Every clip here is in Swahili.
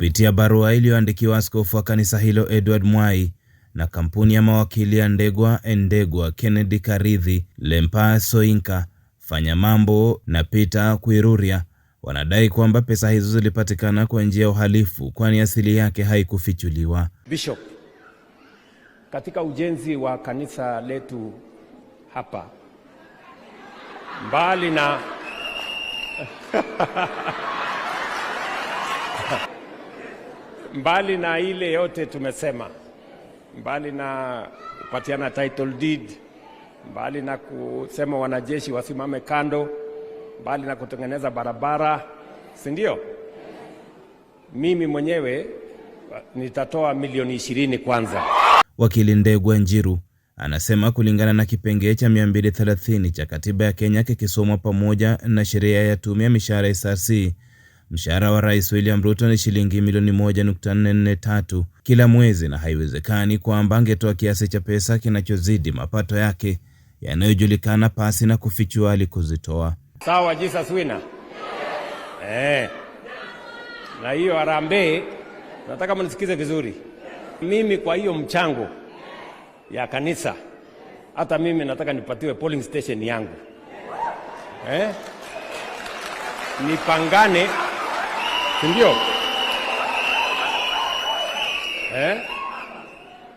Kupitia barua iliyoandikiwa askofu wa kanisa hilo Edward Mwai na kampuni ya mawakili ya Ndegwa Endegwa, Kennedy Karidhi, Lempa Soinka, Fanya Mambo na Peter Kuiruria wanadai kwamba pesa hizo zilipatikana kwa njia ya uhalifu, kwani asili yake haikufichuliwa. Bishop, katika ujenzi wa kanisa letu hapa mbali na mbali na ile yote tumesema, mbali na kupatiana title deed, mbali na kusema wanajeshi wasimame kando, mbali na kutengeneza barabara, si ndio? Mimi mwenyewe uh, nitatoa milioni ishirini kwanza. Wakili Ndegwa Njiru anasema kulingana na kipengee cha 230 cha katiba ya Kenya kikisomwa pamoja na sheria ya tume ya mishahara SRC Mshahara wa Rais William Ruto ni shilingi milioni 1.443 kila mwezi, na haiwezekani kwamba angetoa kiasi cha pesa kinachozidi mapato yake yanayojulikana pasi na kufichua alikozitoa. Sawa, Jesus wina eh. Na hiyo harambee, nataka mnisikize vizuri. Mimi kwa hiyo mchango ya kanisa, hata mimi nataka nipatiwe polling station yangu eh? Nipangane si ndio? Eh?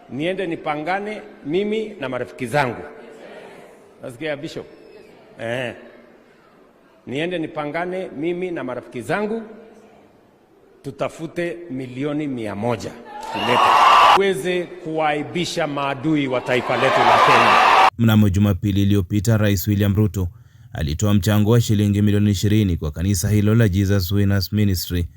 Niende nipangane mimi na marafiki zangu, nasikia Bishop eh? Niende nipangane mimi na marafiki zangu tutafute milioni mia moja uweze kuwaibisha maadui wa taifa letu la Kenya. Mnamo Jumapili iliyopita Rais William Ruto alitoa mchango wa shilingi milioni ishirini kwa kanisa hilo la Jesus Winners Ministry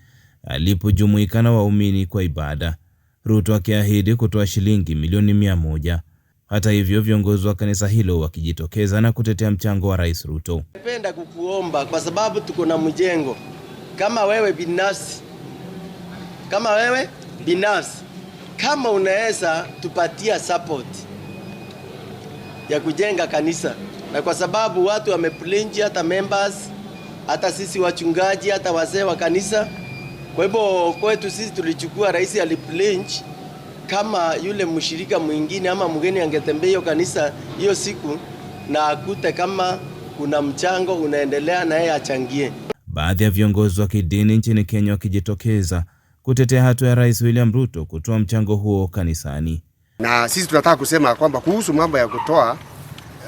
alipojumuika na waumini kwa ibada, Ruto akiahidi kutoa shilingi milioni mia moja. Hata hivyo viongozi wa kanisa hilo wakijitokeza na kutetea mchango wa Rais Ruto. Napenda kukuomba kwa sababu tuko na mjengo, kama wewe binafsi, kama wewe binafsi, kama unaweza tupatia support ya kujenga kanisa na kwa sababu watu wameplinji, hata members, hata sisi wachungaji, hata wazee wa kanisa. Kwa hivyo kwetu sisi tulichukua, rais aliplinji kama yule mshirika mwingine ama mgeni angetembea hiyo kanisa hiyo siku na akute kama kuna mchango unaendelea na yeye achangie. Baadhi ya viongozi wa kidini nchini Kenya wakijitokeza kutetea hatua ya Rais William Ruto kutoa mchango huo kanisani. Na sisi tunataka kusema kwamba kuhusu mambo ya kutoa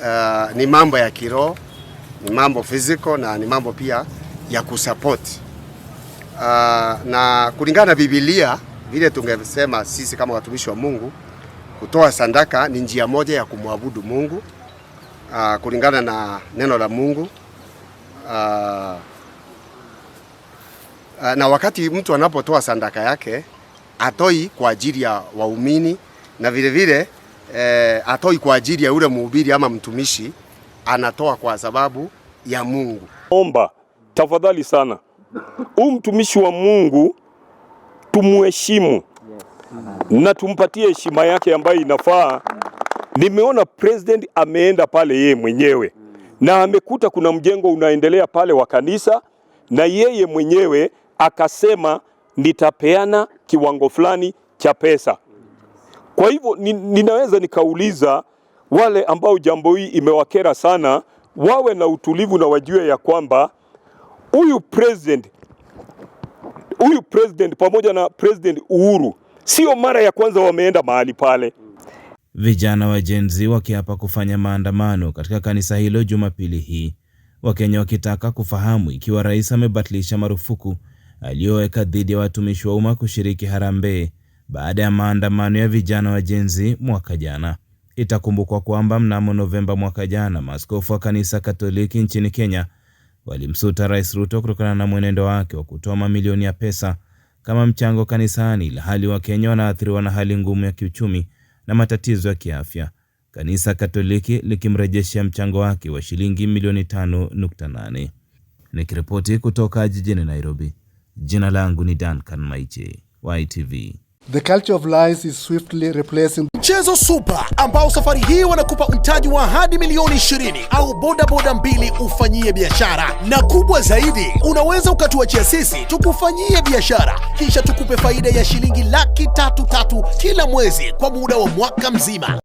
uh, ni mambo ya kiroho, ni mambo physical na ni mambo pia ya kusupport uh, na kulingana na Biblia vile tungesema sisi kama watumishi wa Mungu kutoa sadaka ni njia moja ya kumwabudu Mungu uh, kulingana na neno la Mungu uh, uh, na wakati mtu anapotoa sadaka yake atoi kwa ajili ya waumini na vilevile vile, eh, atoi kwa ajili ya ule mhubiri ama mtumishi, anatoa kwa sababu ya Mungu. Omba tafadhali sana, huu mtumishi wa Mungu tumuheshimu na tumpatie heshima yake ambayo inafaa. Nimeona president ameenda pale yeye mwenyewe na amekuta kuna mjengo unaendelea pale wa kanisa, na yeye mwenyewe akasema nitapeana kiwango fulani cha pesa. Kwa hivyo ni, ninaweza nikauliza wale ambao jambo hii imewakera sana wawe na utulivu na wajue ya kwamba huyu president huyu president pamoja na president Uhuru sio mara ya kwanza wameenda mahali pale. Vijana wa Gen Z wakiapa kufanya maandamano katika kanisa hilo Jumapili hii, Wakenya wakitaka kufahamu ikiwa rais amebatilisha marufuku aliyoweka dhidi ya watumishi wa umma kushiriki harambee baada ya maandamano ya vijana wa jenzi mwaka jana. Itakumbukwa kwamba mnamo Novemba mwaka jana maaskofu wa kanisa Katoliki nchini Kenya walimsuta Rais Ruto kutokana na mwenendo wake wa kutoa mamilioni ya pesa kama mchango kanisani, ila hali wa Kenya wanaathiriwa na hali ngumu ya kiuchumi na matatizo ya kiafya, kanisa Katoliki likimrejeshea mchango wake wa shilingi milioni 5.8. Nikiripoti kutoka jijini Nairobi, jina langu ni Duncan Maiche, YTV. The culture of lies is swiftly replacing. Mchezo Super ambao safari hii wanakupa mtaji wa hadi milioni 20 au boda boda mbili ufanyie biashara, na kubwa zaidi, unaweza ukatuachia sisi tukufanyie biashara kisha tukupe faida ya shilingi laki tatu tatu kila mwezi kwa muda wa mwaka mzima.